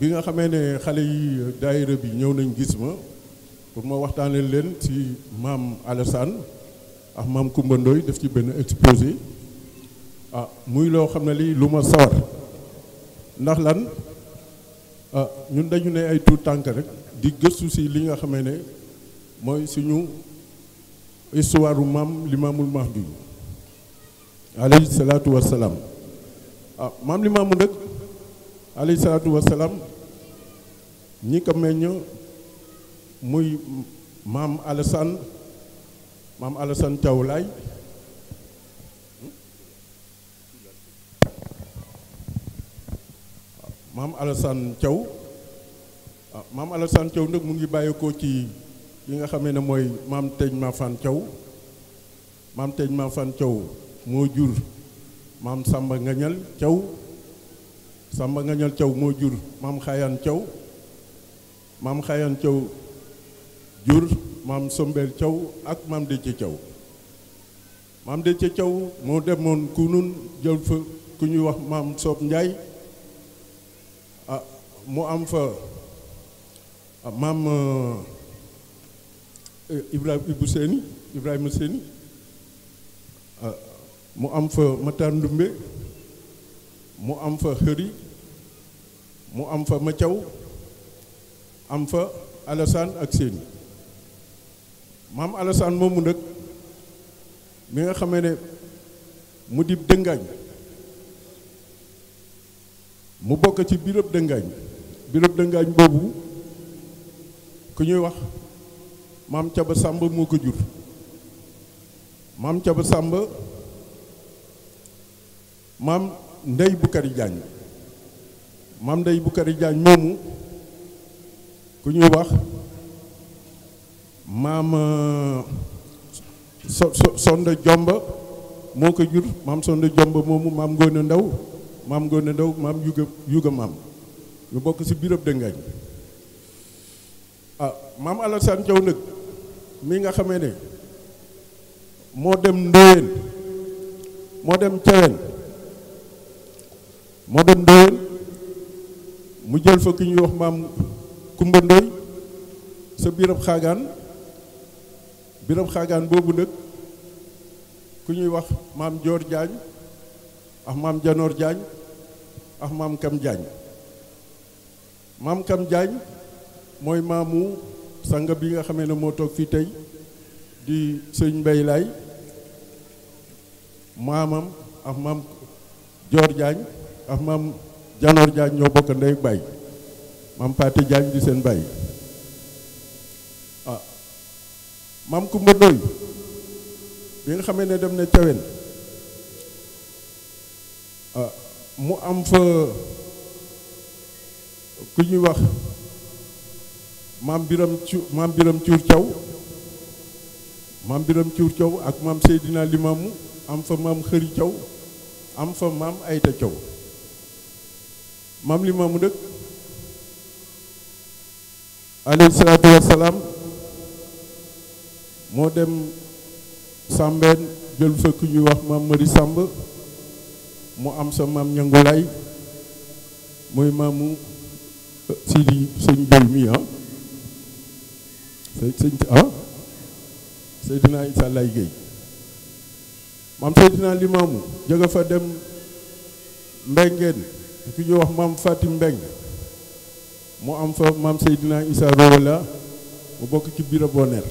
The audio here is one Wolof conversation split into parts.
bi nga xamee ne xale yi daayira bi ñëw nañ gis ma pour ma waxtaanee leen ci maam Alassane ak maam Coumba def ci benn exposé ah muy loo xam ne lii lu ma sawar ndax lan ah ñun dañu ne ay tuut tànk rek di gëstu si li nga xamee ne mooy suñu histoire maam Limaamul Mahdi alayhi salaatu wa ah maam Limaamul nag alayhi salaatu wasalaam ñi ko meññ muy maam Alassane maam Alassane Thiaw Laye maam Alassane Thiaw ah, maam Alassane Thiaw nag mu ngi bàyyeekoo ci yi nga xamee ne mooy maam Teñ Mafan Thiaw maam Teñ Mafan Thiaw moo jur maam Samba Ngañal Thiaw Samba Ngañal Thiaw moo jur maam Xayan Thiaw maam Xayan Thiaw jur mam Sombel Thiaw ak maam Déthié Thiaw maam Déthié Thiaw moo demoon kunun jël fa ku ñuy wax mam sop Ndiaye mo mu am fa à, maam ờ, ờ, Ibrahima ibuseni Séni Ibrahima Séni à, mu am fa Matar Ndumbe mu am fa xëri mu am fa Mathiaw am fa Alassane ak Séni maam Alassane moomu nag bi nga xamee ne mu di dëngaañ mu bokk ci birëb dëngaañ birëb dëngaañ boobu ku ñuy wax maam Caba Sàmba moo ko jur maam Caba Sàmba maam Ndeye Boucary Diagne maam Ndeye Boucary Diagne moomu ku ñuy wax maam so so Sonda Jomba moo ko maam Sonda Jomba moomu maam Ngoone Ndaw maam Ngoone Ndaw maam Yuga Yuga maam ñu bokk ci biirab dëngaañ ah maam Alassane Thiaw nag mi nga xame ne moo dem Ndoyeen moo dem Ceween Modou Ndoye mu jël fa ki ñuy wax maam Kumba Ndoye sa birab xaagaan birab xaagaan boobu nag ku ñuy wax maam Joor Jaañ ak maam Janoor Jaañ ak maam Kam Jaañ maam Kam Jaañ mooy maamu sanga bi nga xamee ne moo toog fii tey di sëñ Mbay Laay maamam ak maam Joor Jaañ ndax maam Janoor Jaañ ñoo bokk ndey ak maam Paate Jaañ di seen baay ah maam Kumba Ndoy bi nga xamee ne dem na cawen ah, mu am fa ku ñuy wax maam biram cu maam biram cuur caw maam biram cuur caw ak maam Seydina Limaamu am fa maam xëri caw am fa maam ayta caw maam li maamu dëkk alayhi salaatu wassalaam moo dem sàmbeen jël fa ñuy wax maam mari sàmb mu am sa maam ñangulaay mooy maamu eh, sidi sëñ bëy mi ah sëñ sëñ ah Seydina Issa Laye Gueye maam Seydina Limaamu jóge fa dem mbengeen ku ñu wax maam Fatim Mbeng mu am fa maam Seydina Issa Rohela mu bokk ci biir Boner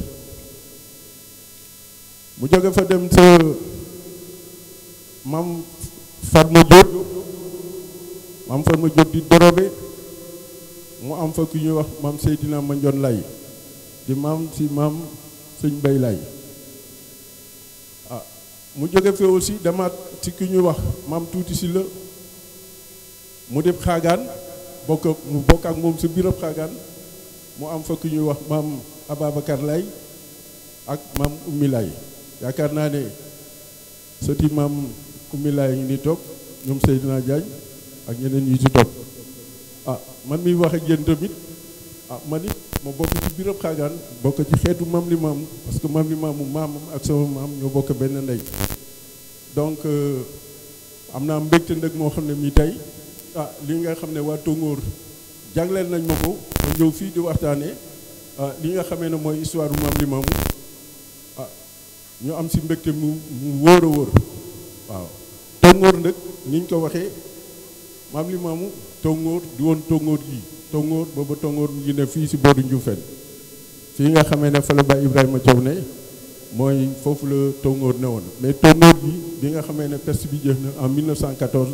mu jóge fa dem sa maam Fatma Diop maam Fatma Diop di dorobe mu am fa ku ñuy wax maam Seydina Mandione Laye di maam si maam sëñ Bay Laye ah, mu jóge fa aussi demaat ci ki ñuy wax maam tuuti si la mu dem xaagaan bokk mu bokk ak moom si biirab xaagaan mu am fa ku ñuy wax maam Ababacar Lay ak maam Oumy yaakaar naa ne soti maam Oumy Lay ngi ni toog ñoom Seydina Diagne ak ñeneen ñi ci ah man miy wax ak yéen tamit ah man it ma bokk ci biirab xaagaan bokk ci xeetu maam li maam parce que maam li maamu maamam ak sama maam ñoo bokk benn ndey donc euh, am naa mbégte nag moo xam ne mi tey ah lii nga xam ne waa tongoor jàngleel nañ ma ko ma ñëw fii di waxtaanee ah li nga xamee ne mooy histoire bu maam Limaamu ah ñu am si mbégte mu mu wóor a wóor waaw Tóngoor nag niñ ko waxee maam Limaamu Tóngoor di woon Tóngoor gi tongoor boobu tongoor mu ngi ne fii si booru Ndiouffène fii nga xamee ne fa la Baay Ibrahima Thiaw ne mooy foofu la tongoor ne woon mais Tóngoor gi bi nga xamee ne peste bi jeex na en 1914.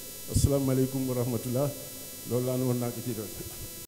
asalaamaaleykum wa rahmatullah loolu laa ne woon naa ko ci doon